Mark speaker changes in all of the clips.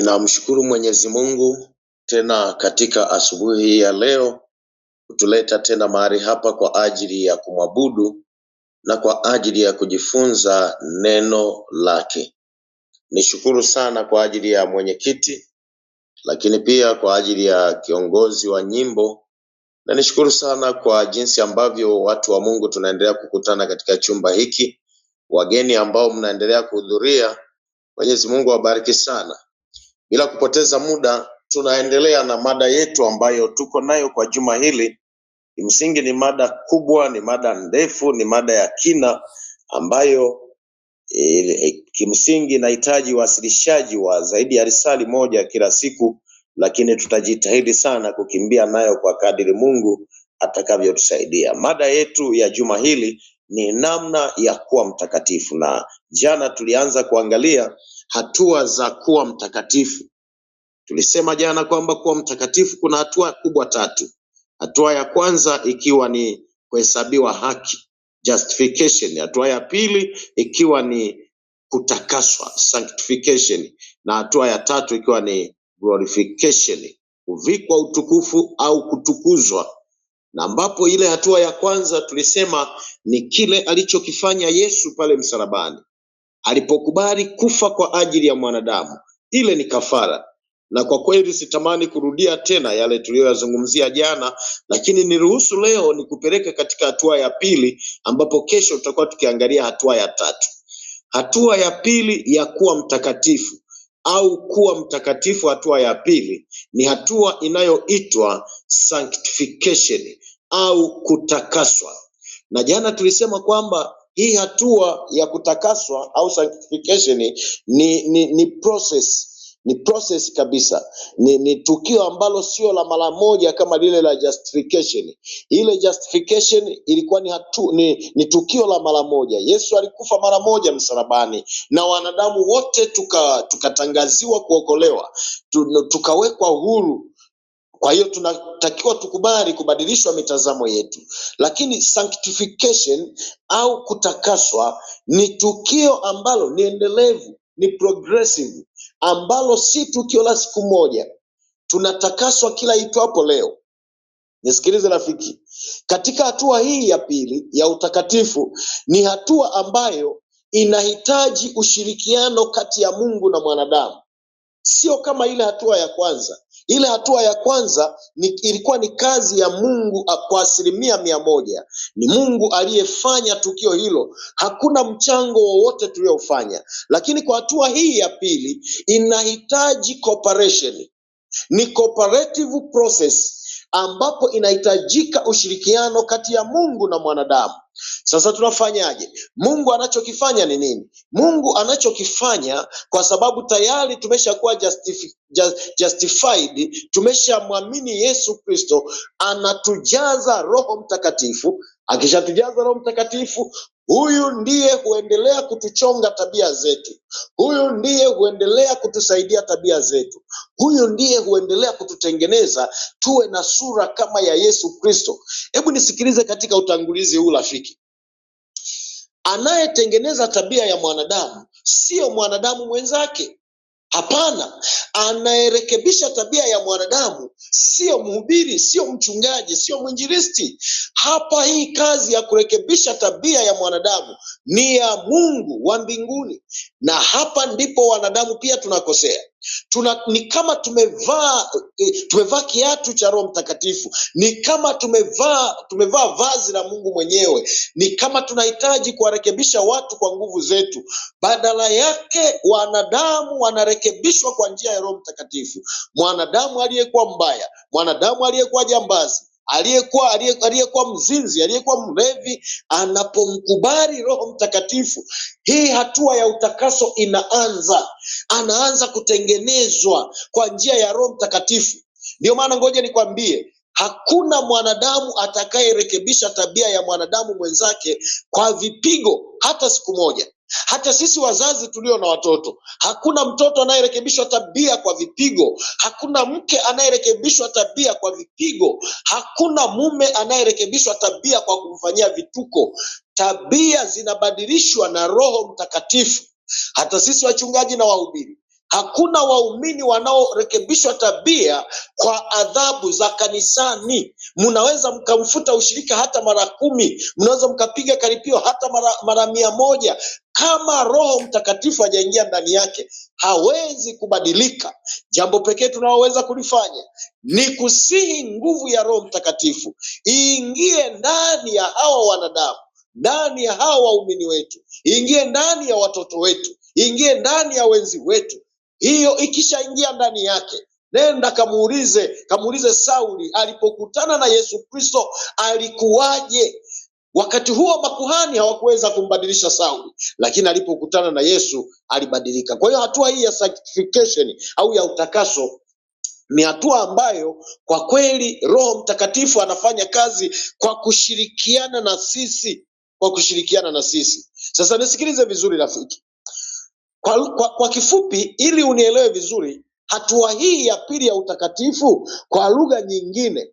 Speaker 1: ninamshukuru mwenyezi Mungu tena katika asubuhi ya leo kutuleta tena mahali hapa kwa ajili ya kumwabudu na kwa ajili ya kujifunza neno lake. Nishukuru sana kwa ajili ya mwenyekiti lakini pia kwa ajili ya kiongozi wa nyimbo na nishukuru sana kwa jinsi ambavyo watu wa Mungu tunaendelea kukutana katika chumba hiki. Wageni ambao mnaendelea kuhudhuria, Mwenyezi Mungu awabariki sana. Bila kupoteza muda, tunaendelea na mada yetu ambayo tuko nayo kwa juma hili. Kimsingi ni mada kubwa, ni mada ndefu, ni mada ya kina ambayo e, e kimsingi inahitaji wasilishaji wa zaidi ya risali moja kila siku, lakini tutajitahidi sana kukimbia nayo kwa kadiri Mungu atakavyotusaidia. Mada yetu ya juma hili ni namna ya kuwa mtakatifu, na jana tulianza kuangalia hatua za kuwa mtakatifu. Tulisema jana kwamba kuwa mtakatifu kuna hatua kubwa tatu. Hatua ya kwanza ikiwa ni kuhesabiwa haki, justification. Hatua ya pili ikiwa ni kutakaswa, sanctification, na hatua ya tatu ikiwa ni glorification, kuvikwa utukufu au kutukuzwa na ambapo ile hatua ya kwanza tulisema ni kile alichokifanya Yesu pale msalabani alipokubali kufa kwa ajili ya mwanadamu. Ile ni kafara, na kwa kweli sitamani kurudia tena yale tuliyoyazungumzia jana, lakini niruhusu leo nikupeleke katika hatua ya pili, ambapo kesho tutakuwa tukiangalia hatua ya tatu. Hatua ya pili ya kuwa mtakatifu au kuwa mtakatifu, hatua ya pili ni hatua inayoitwa sanctification au kutakaswa, na jana tulisema kwamba hii hatua ya kutakaswa au sanctification ni, ni, ni process ni process kabisa, ni, ni tukio ambalo sio la mara moja kama lile la justification. Ile justification ilikuwa ni, hatu, ni, ni tukio la mara moja. Yesu alikufa mara moja msalabani na wanadamu wote tukatangaziwa tuka kuokolewa, tukawekwa huru kwa hiyo tunatakiwa tukubali kubadilishwa mitazamo yetu, lakini sanctification au kutakaswa ni tukio ambalo ni endelevu, ni progressive, ambalo si tukio la siku moja. Tunatakaswa kila itwapo leo. Nisikilize rafiki, katika hatua hii ya pili ya utakatifu ni hatua ambayo inahitaji ushirikiano kati ya Mungu na mwanadamu, sio kama ile hatua ya kwanza ile hatua ya kwanza ni, ilikuwa ni kazi ya Mungu kwa asilimia mia moja. Ni Mungu aliyefanya tukio hilo, hakuna mchango wowote tuliofanya. Lakini kwa hatua hii ya pili inahitaji cooperation, ni cooperative process ambapo inahitajika ushirikiano kati ya Mungu na mwanadamu. Sasa tunafanyaje? Mungu anachokifanya ni nini? Mungu anachokifanya, kwa sababu tayari tumeshakuwa justifi, just, justified, tumeshamwamini Yesu Kristo, anatujaza Roho Mtakatifu. Akishatujaza Roho Mtakatifu, Huyu ndiye huendelea kutuchonga tabia zetu. Huyu ndiye huendelea kutusaidia tabia zetu. Huyu ndiye huendelea kututengeneza tuwe na sura kama ya Yesu Kristo. Hebu nisikilize katika utangulizi huu rafiki. Anayetengeneza tabia ya mwanadamu siyo mwanadamu mwenzake. Hapana, anayerekebisha tabia ya mwanadamu sio mhubiri, sio mchungaji, sio mwinjilisti. Hapa hii kazi ya kurekebisha tabia ya mwanadamu ni ya Mungu wa mbinguni, na hapa ndipo wanadamu pia tunakosea. Tuna, ni kama tumevaa eh, tumevaa kiatu cha Roho Mtakatifu, ni kama tumevaa tumevaa vazi la Mungu mwenyewe, ni kama tunahitaji kuwarekebisha watu kwa nguvu zetu. Badala yake wanadamu wanarekebishwa kwa njia ya Roho Mtakatifu. Mwanadamu aliyekuwa mbaya mbaya, mwanadamu aliyekuwa jambazi aliyekuwa aliyekuwa mzinzi aliyekuwa mlevi anapomkubali Roho Mtakatifu, hii hatua ya utakaso inaanza, anaanza kutengenezwa kwa njia ya Roho Mtakatifu. Ndio maana ngoja nikwambie, hakuna mwanadamu atakayerekebisha tabia ya mwanadamu mwenzake kwa vipigo hata siku moja. Hata sisi wazazi tulio na watoto, hakuna mtoto anayerekebishwa tabia kwa vipigo, hakuna mke anayerekebishwa tabia kwa vipigo, hakuna mume anayerekebishwa tabia kwa kumfanyia vituko. Tabia zinabadilishwa na Roho Mtakatifu. Hata sisi wachungaji na wahubiri Hakuna waumini wanaorekebishwa tabia kwa adhabu za kanisani. Mnaweza mkamfuta ushirika hata mara kumi, mnaweza mkapiga karipio hata mara, mara mia moja. Kama Roho Mtakatifu hajaingia ndani yake hawezi kubadilika. Jambo pekee tunaloweza kulifanya ni kusihi nguvu ya Roho Mtakatifu iingie ndani ya hawa wanadamu ndani ya hawa waumini wetu, iingie ndani ya watoto wetu, iingie ndani ya wenzi wetu, hiyo ikishaingia ndani yake, nenda kamuulize, kamuulize Sauli alipokutana na Yesu Kristo alikuwaje? Wakati huo makuhani hawakuweza kumbadilisha Sauli, lakini alipokutana na Yesu alibadilika. Kwa hiyo hatua hii ya sanctification au ya utakaso ni hatua ambayo kwa kweli Roho Mtakatifu anafanya kazi kwa kushirikiana na sisi, kwa kushirikiana na sisi. Sasa nisikilize vizuri rafiki, kwa, kwa, kwa kifupi ili unielewe vizuri, hatua hii ya pili ya utakatifu kwa lugha nyingine,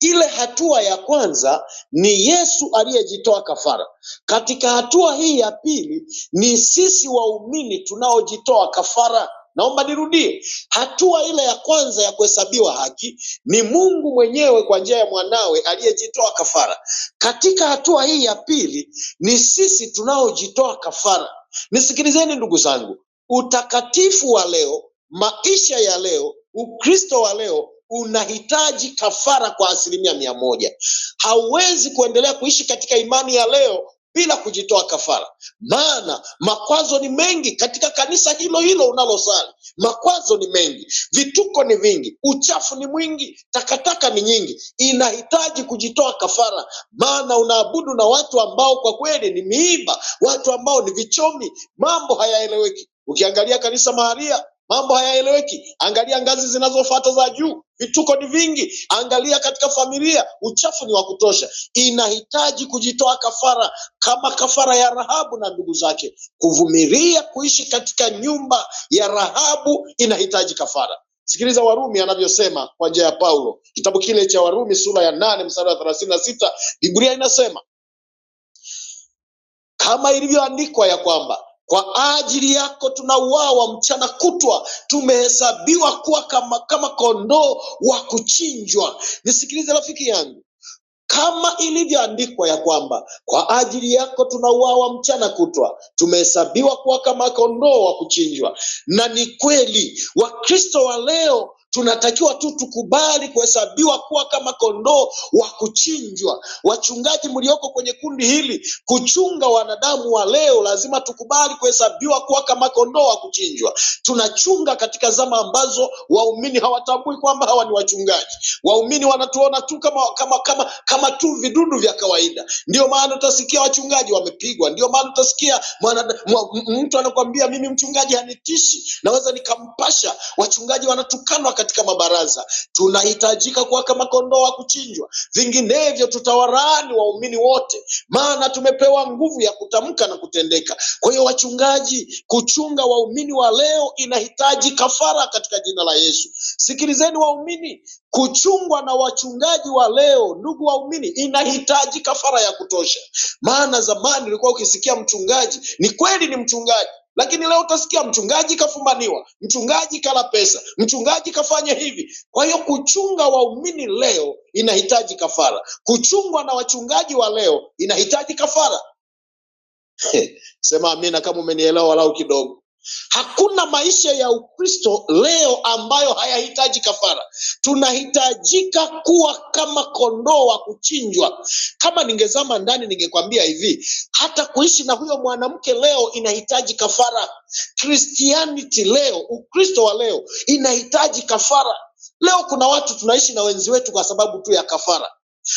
Speaker 1: ile hatua ya kwanza ni Yesu aliyejitoa kafara. Katika hatua hii ya pili ni sisi waumini tunaojitoa kafara. Naomba nirudie, hatua ile ya kwanza ya kuhesabiwa haki ni Mungu mwenyewe kwa njia ya mwanawe aliyejitoa kafara. Katika hatua hii ya pili ni sisi tunaojitoa kafara. Nisikilizeni ndugu zangu, utakatifu wa leo, maisha ya leo, Ukristo wa leo unahitaji kafara kwa asilimia mia moja. Hauwezi kuendelea kuishi katika imani ya leo bila kujitoa kafara. Maana makwazo ni mengi katika kanisa hilo hilo unalosali, makwazo ni mengi, vituko ni vingi, uchafu ni mwingi, takataka ni nyingi. Inahitaji kujitoa kafara, maana unaabudu na watu ambao kwa kweli ni miiba, watu ambao ni vichomi, mambo hayaeleweki. Ukiangalia kanisa maharia mambo hayaeleweki. Angalia ngazi zinazofuata za juu, vituko ni vingi. Angalia katika familia, uchafu ni wa kutosha. Inahitaji kujitoa kafara, kama kafara ya Rahabu na ndugu zake. Kuvumilia kuishi katika nyumba ya Rahabu inahitaji kafara. Sikiliza Warumi anavyosema kwa njia ya Paulo, kitabu kile cha Warumi sura ya nane msara wa thelathini na sita Biblia inasema kama ilivyoandikwa ya kwamba kwa ajili yako tunauawa mchana kutwa, tumehesabiwa kuwa kama, kama kondoo wa kuchinjwa. Nisikilize rafiki yangu, kama ilivyoandikwa ya kwamba kwa ajili yako tunauawa mchana kutwa, tumehesabiwa kuwa kama kondoo wa kuchinjwa. Na ni kweli Wakristo wa leo tunatakiwa tu tukubali kuhesabiwa kuwa kama kondoo wa kuchinjwa. Wachungaji mlioko kwenye kundi hili kuchunga wanadamu wa leo, lazima tukubali kuhesabiwa kuwa kama kondoo wa kuchinjwa. Tunachunga katika zama ambazo waumini hawatambui kwamba hawa ni wachungaji. Waumini wanatuona tu kama, kama, kama, kama tu vidudu vya kawaida. Ndio maana utasikia wachungaji wamepigwa, ndio maana utasikia mtu anakuambia mimi mchungaji hanitishi, naweza nikampasha. Wachungaji wanatukanwa katika mabaraza, tunahitajika kuwaka kondoo wa kuchinjwa, vinginevyo tutawarani waumini wote, maana tumepewa nguvu ya kutamka na kutendeka. Kwa hiyo, wachungaji, kuchunga waumini wa leo inahitaji kafara katika jina la Yesu. Sikilizeni waumini, kuchungwa na wachungaji wa leo, ndugu waumini, inahitaji kafara ya kutosha, maana zamani ulikuwa ukisikia mchungaji, ni kweli ni mchungaji lakini leo utasikia mchungaji kafumbaniwa, mchungaji kala pesa, mchungaji kafanya hivi. Kwa hiyo kuchunga waumini leo inahitaji kafara, kuchungwa na wachungaji wa leo inahitaji kafara. Sema amina kama umenielewa walau kidogo. Hakuna maisha ya Ukristo leo ambayo hayahitaji kafara. Tunahitajika kuwa kama kondoo wa kuchinjwa. Kama ningezama ndani, ningekwambia hivi, hata kuishi na huyo mwanamke leo inahitaji kafara. Christianity leo, Ukristo wa leo inahitaji kafara. Leo kuna watu tunaishi na wenzi wetu kwa sababu tu ya kafara,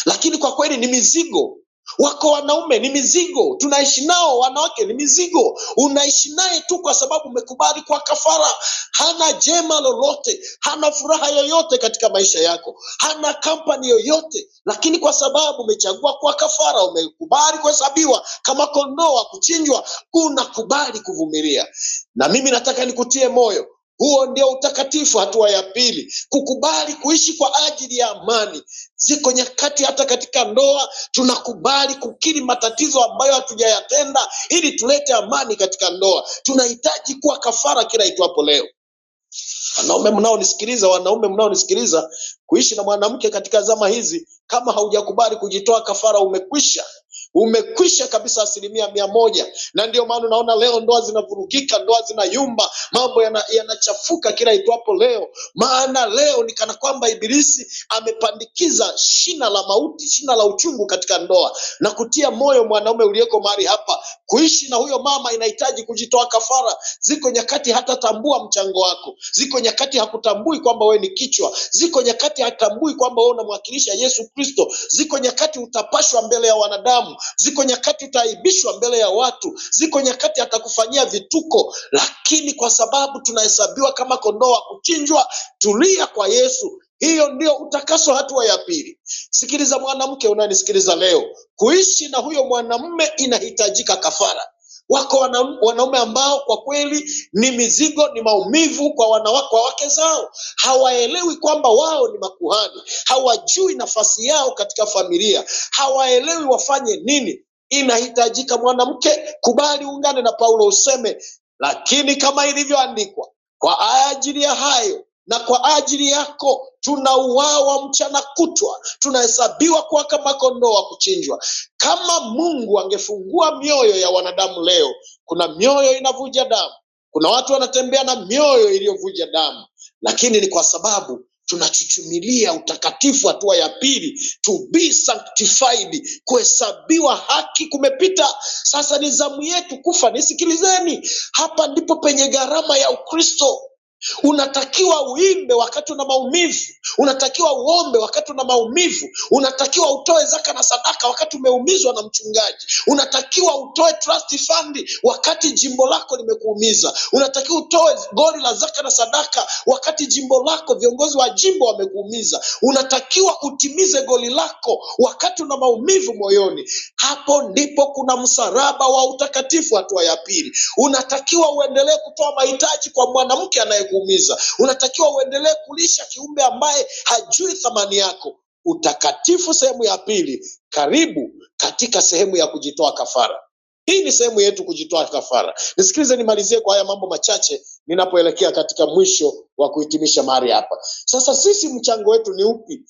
Speaker 1: lakini kwa kweli ni mizigo Wako wanaume ni mizigo, tunaishi nao. Wanawake ni mizigo, unaishi naye tu kwa sababu umekubali kwa kafara. Hana jema lolote, hana furaha yoyote katika maisha yako, hana kampani yoyote, lakini kwa sababu umechagua kwa kafara, umekubali kuhesabiwa kama kondoo wa kuchinjwa, unakubali kuvumilia. Na mimi nataka nikutie moyo huo ndio utakatifu. Hatua ya pili, kukubali kuishi kwa ajili ya amani. Ziko nyakati hata katika ndoa tunakubali kukiri matatizo ambayo hatujayatenda ili tulete amani katika ndoa. Tunahitaji kuwa kafara kila itwapo leo. Wanaume mnaonisikiliza, wanaume mnaonisikiliza, kuishi na mwanamke katika zama hizi, kama haujakubali kujitoa kafara, umekwisha umekwisha kabisa asilimia mia moja. Na ndio maana unaona leo ndoa zinavurugika, ndoa zinayumba, mambo yanachafuka yana kila itwapo leo, maana leo ni kana kwamba Ibilisi amepandikiza shina la mauti, shina la uchungu katika ndoa. Na kutia moyo mwanaume uliyeko mahali hapa, kuishi na huyo mama inahitaji kujitoa kafara. Ziko nyakati hatatambua mchango wako, ziko nyakati hakutambui kwamba wewe ni kichwa, ziko nyakati hatambui kwamba wewe unamwakilisha Yesu Kristo, ziko nyakati utapashwa mbele ya wanadamu Ziko nyakati utaaibishwa mbele ya watu, ziko nyakati atakufanyia vituko, lakini kwa sababu tunahesabiwa kama kondoo wa kuchinjwa, tulia kwa Yesu. Hiyo ndio utakaso, hatua ya pili. Sikiliza mwanamke unanisikiliza leo, kuishi na huyo mwanamume inahitajika kafara. Wako wanaume ambao kwa kweli ni mizigo, ni maumivu kwa wanawake, wake zao. Hawaelewi kwamba wao ni makuhani, hawajui nafasi yao katika familia, hawaelewi wafanye nini. Inahitajika mwanamke, kubali, ungane na Paulo useme, lakini kama ilivyoandikwa, kwa ajili ya hayo na kwa ajili yako tunauawa mchana kutwa, tunahesabiwa kuwa kama kondoo wa kuchinjwa. Kama Mungu angefungua mioyo ya wanadamu leo, kuna mioyo inavuja damu, kuna watu wanatembea na mioyo iliyovuja damu, lakini ni kwa sababu tunachuchumilia utakatifu. Hatua ya pili, to be sanctified, kuhesabiwa haki kumepita. Sasa ni zamu yetu kufa. Nisikilizeni, hapa ndipo penye gharama ya Ukristo. Unatakiwa uimbe wakati una maumivu, unatakiwa uombe wakati una maumivu, unatakiwa utoe zaka na sadaka wakati umeumizwa na mchungaji, unatakiwa utoe trust fund wakati jimbo lako limekuumiza, unatakiwa utoe goli la zaka na sadaka wakati jimbo lako, viongozi wa jimbo wamekuumiza, unatakiwa utimize goli lako wakati una maumivu moyoni. Hapo ndipo kuna msalaba wa utakatifu, hatua ya pili. Unatakiwa uendelee kutoa mahitaji kwa mwanamke anaye kuumiza Unatakiwa uendelee kulisha kiumbe ambaye hajui thamani yako. Utakatifu sehemu ya pili, karibu katika sehemu ya kujitoa kafara. Hii ni sehemu yetu kujitoa kafara. Nisikilize nimalizie kwa haya mambo machache ninapoelekea katika mwisho wa kuhitimisha mahali hapa. Sasa sisi mchango wetu ni upi?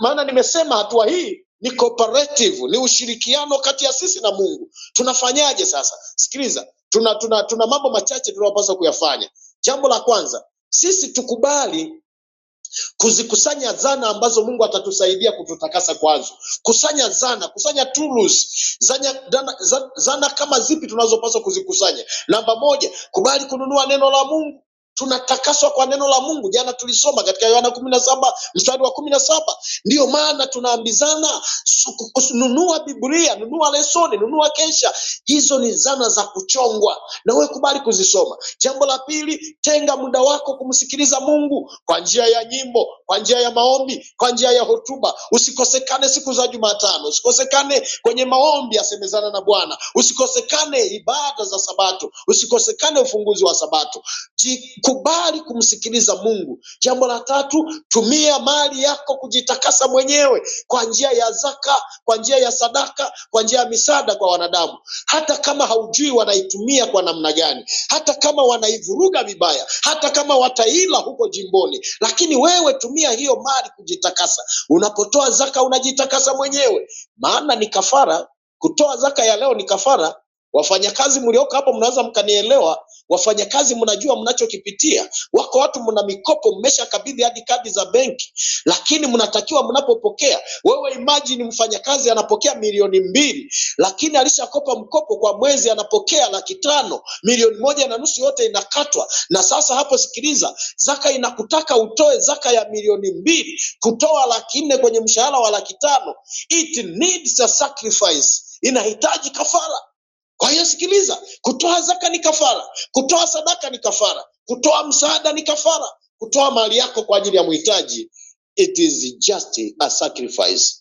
Speaker 1: Maana nimesema hatua hii ni cooperative, ni ushirikiano kati ya sisi na Mungu. Tunafanyaje sasa? Sikiliza, tuna tuna, tuna mambo machache tunayopaswa kuyafanya. Jambo la kwanza, sisi tukubali kuzikusanya zana ambazo Mungu atatusaidia kututakasa kwazo. Kusanya zana, kusanya tools, zana, zana, zana kama zipi tunazopaswa kuzikusanya? Namba moja, kubali kununua neno la Mungu tunatakaswa kwa neno la Mungu. Jana tulisoma katika Yohana kumi na saba mstari wa kumi na saba. Ndiyo maana tunaambizana nunua Biblia, nunua lesoni, nunua kesha. Hizo ni zana za kuchongwa, na wewe kubali kuzisoma. Jambo la pili, tenga muda wako kumsikiliza Mungu kwa njia ya nyimbo, kwa njia ya maombi, kwa njia ya hotuba. Usikosekane siku za Jumatano, usikosekane kwenye maombi asemezana na Bwana, usikosekane ibada za Sabato, usikosekane ufunguzi wa Sabato kubali kumsikiliza Mungu. Jambo la tatu, tumia mali yako kujitakasa mwenyewe kwa njia ya zaka, kwa njia ya sadaka, kwa njia ya misaada kwa wanadamu, hata kama haujui wanaitumia kwa namna gani, hata kama wanaivuruga vibaya, hata kama wataila huko jimboni, lakini wewe tumia hiyo mali kujitakasa. Unapotoa zaka unajitakasa mwenyewe, maana ni kafara. Kutoa zaka ya leo ni kafara Wafanyakazi mlioko hapo mnaweza mkanielewa. Wafanyakazi mnajua mnachokipitia. Wako watu mna mikopo mmesha kabidhi hadi kadi za benki, lakini mnatakiwa mnapopokea. Wewe imagine mfanyakazi anapokea milioni mbili, lakini alishakopa mkopo kwa mwezi anapokea laki tano, milioni moja na nusu yote inakatwa. Na sasa hapo, sikiliza, zaka inakutaka utoe zaka ya milioni mbili, kutoa laki nne kwenye mshahara wa laki tano. It needs a sacrifice, inahitaji kafara. Kwa hiyo sikiliza, kutoa zaka ni kafara, kutoa sadaka ni kafara, kutoa msaada ni kafara, kutoa mali yako kwa ajili ya muhitaji, it is just a sacrifice.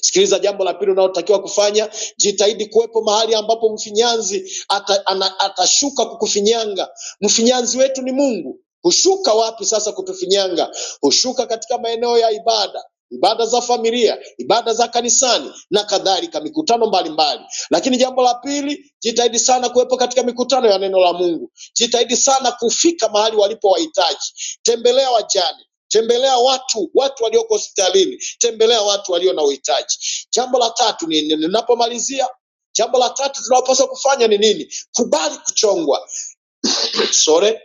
Speaker 1: Sikiliza, jambo la pili unalotakiwa kufanya, jitahidi kuwepo mahali ambapo mfinyanzi ata, ana, atashuka kukufinyanga. Mfinyanzi wetu ni Mungu. Hushuka wapi sasa kutufinyanga? Hushuka katika maeneo ya ibada, ibada za familia, ibada za kanisani na kadhalika, mikutano mbalimbali mbali. Lakini jambo la pili, jitahidi sana kuwepo katika mikutano ya neno la Mungu. Jitahidi sana kufika mahali walipo wahitaji, tembelea wajane tembelea watu watu walioko hospitalini, tembelea watu walio na uhitaji. Jambo la tatu ni ninapomalizia, jambo la tatu tunalopaswa kufanya ni nini? Kubali kuchongwa sore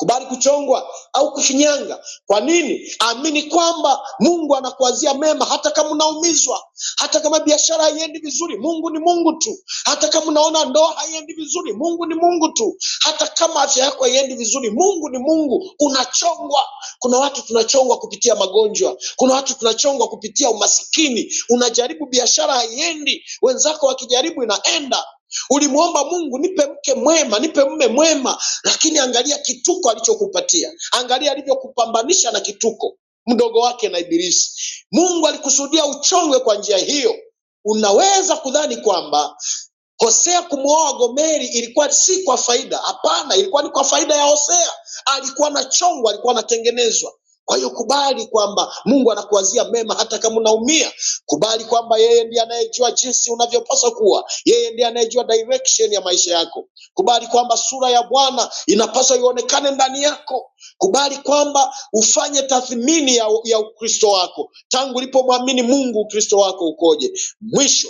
Speaker 1: kubali kuchongwa au kufinyanga. Kwa nini? Amini kwamba Mungu anakuazia mema, hata kama unaumizwa, hata kama biashara haiendi vizuri, Mungu ni Mungu tu. Hata kama unaona ndoa haiendi vizuri, Mungu ni Mungu tu. Hata kama afya yako haiendi vizuri, Mungu ni Mungu. Unachongwa. Kuna watu tunachongwa kupitia magonjwa, kuna watu tunachongwa kupitia umasikini. Unajaribu biashara haiendi, wenzako wakijaribu inaenda Ulimwomba Mungu, nipe mke mwema, nipe mme mwema, lakini angalia kituko alichokupatia, angalia alivyokupambanisha na kituko, mdogo wake na Ibilisi. Mungu alikusudia uchongwe kwa njia hiyo. Unaweza kudhani kwamba Hosea kumwoa Gomeri ilikuwa si kwa faida. Hapana, ilikuwa ni kwa faida ya Hosea. Alikuwa na chongwa alikuwa anatengenezwa. Kwa hiyo kubali kwamba Mungu anakuwazia mema hata kama unaumia. Kubali kwamba yeye ndiye anayejua jinsi unavyopaswa kuwa, yeye ndiye anayejua direction ya maisha yako. Kubali kwamba sura ya Bwana inapaswa ionekane ndani yako. Kubali kwamba ufanye tathmini ya, ya Ukristo wako tangu ulipomwamini Mungu, Ukristo wako ukoje? Mwisho,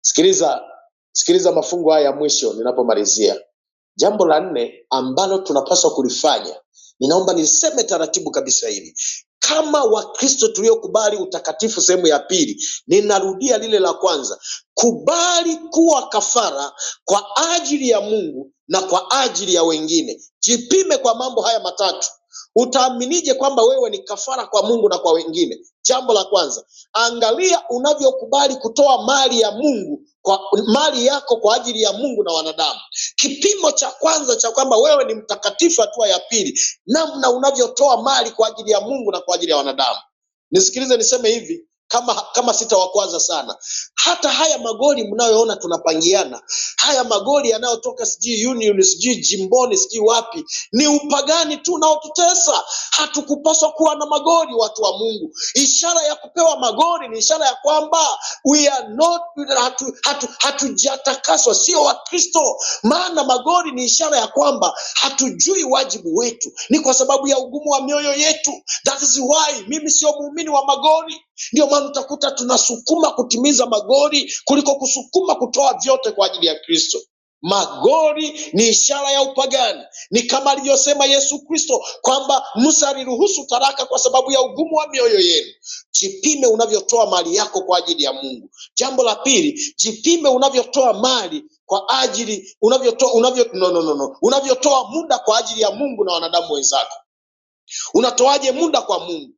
Speaker 1: sikiliza sikiliza mafungo haya ya mwisho ninapomalizia. Jambo la nne ambalo tunapaswa kulifanya Ninaomba niseme taratibu kabisa hili kama Wakristo tuliokubali utakatifu sehemu ya pili, ninarudia lile la kwanza, kubali kuwa kafara kwa ajili ya Mungu na kwa ajili ya wengine. Jipime kwa mambo haya matatu Utaaminije kwamba wewe ni kafara kwa Mungu na kwa wengine? Jambo la kwanza, angalia unavyokubali kutoa mali ya Mungu kwa, mali yako kwa ajili ya Mungu na wanadamu. Kipimo cha kwanza cha kwamba wewe ni mtakatifu, hatua ya pili, namna unavyotoa mali kwa ajili ya Mungu na kwa ajili ya wanadamu. Nisikilize niseme hivi, kama, kama sita wa kwanza sana. Hata haya magoli mnayoona tunapangiana, haya magoli yanayotoka sijui Union sijui jimboni sijui wapi, ni upagani tu unaotutesa. Hatukupaswa kuwa na magoli, watu wa Mungu. Ishara ya kupewa magoli ni ishara ya kwamba we are not hatu, hatu, hatujatakaswa, sio Wakristo. Maana magoli ni ishara ya kwamba hatujui wajibu wetu, ni kwa sababu ya ugumu wa mioyo yetu. That is why mimi sio muumini wa magoli. Ndio maana utakuta tunasukuma kutimiza magori kuliko kusukuma kutoa vyote kwa ajili ya Kristo. Magori ni ishara ya upagani. Ni kama alivyosema Yesu Kristo kwamba Musa aliruhusu taraka kwa sababu ya ugumu wa mioyo yenu. Jipime unavyotoa mali yako kwa ajili ya Mungu. Jambo la pili, jipime unavyotoa mali kwa ajili unavyotoa unavyo, no, no, no, no. unavyotoa muda kwa ajili ya Mungu na wanadamu wenzako. Unatoaje muda kwa Mungu?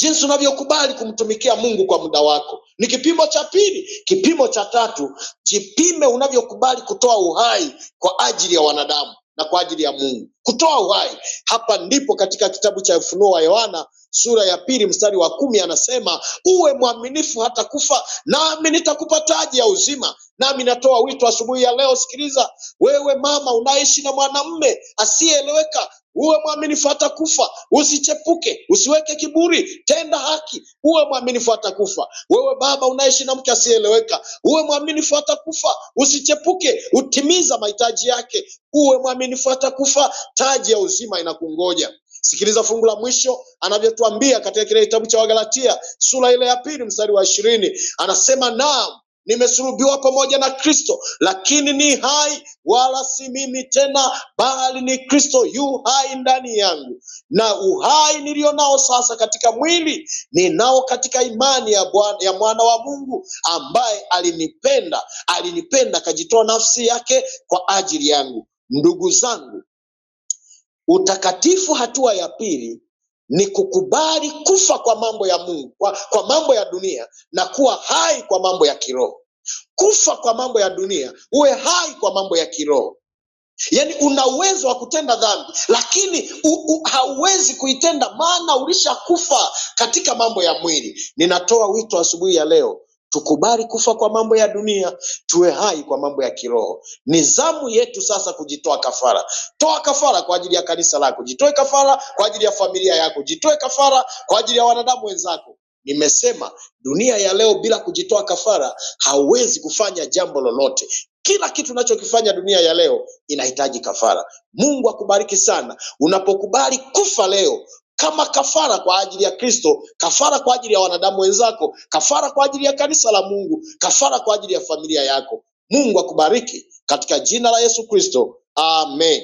Speaker 1: jinsi unavyokubali kumtumikia Mungu kwa muda wako ni kipimo cha pili. Kipimo cha tatu, jipime unavyokubali kutoa uhai kwa ajili ya wanadamu na kwa ajili ya Mungu, kutoa uhai. Hapa ndipo katika kitabu cha Ufunuo wa Yohana sura ya pili mstari wa kumi anasema, uwe mwaminifu hata kufa, nami nitakupa taji ya uzima. Nami natoa wito asubuhi ya leo, sikiliza wewe mama unaishi na mwanamme asiyeeleweka, uwe mwaminifu hata kufa, usichepuke, usiweke kiburi, tenda haki, uwe mwaminifu hata kufa. Wewe baba unaishi na mke asiyeeleweka, uwe mwaminifu hata kufa, usichepuke, utimiza mahitaji yake, uwe mwaminifu hata kufa, taji ya uzima inakungoja. Sikiliza fungu la mwisho anavyotuambia katika kile kitabu cha Wagalatia sura ile ya pili mstari wa ishirini, anasema nam nimesulubiwa pamoja na Kristo, lakini ni hai, wala si mimi tena, bali ni Kristo yu hai ndani yangu. Na uhai niliyo nao sasa katika mwili ninao katika imani ya Bwana, ya mwana wa Mungu ambaye alinipenda, alinipenda akajitoa nafsi yake kwa ajili yangu. Ndugu zangu, utakatifu, hatua ya pili ni kukubali kufa kwa mambo ya Mungu, kwa, kwa mambo ya dunia na kuwa hai kwa mambo ya kiroho. Kufa kwa mambo ya dunia, uwe hai kwa mambo ya kiroho. Yaani una uwezo wa kutenda dhambi, lakini hauwezi kuitenda, maana ulishakufa katika mambo ya mwili. Ninatoa wito asubuhi ya leo Tukubali kufa kwa mambo ya dunia, tuwe hai kwa mambo ya kiroho. Ni zamu yetu sasa kujitoa kafara. Toa kafara kwa ajili ya kanisa lako, jitoe kafara kwa ajili ya familia yako, jitoe kafara kwa ajili ya wanadamu wenzako. Nimesema dunia ya leo bila kujitoa kafara hauwezi kufanya jambo lolote. Kila kitu unachokifanya dunia ya leo inahitaji kafara. Mungu akubariki sana unapokubali kufa leo kama kafara kwa ajili ya Kristo, kafara kwa ajili ya wanadamu wenzako, kafara kwa ajili ya kanisa la Mungu, kafara kwa ajili ya familia yako. Mungu akubariki katika jina la Yesu Kristo, amen.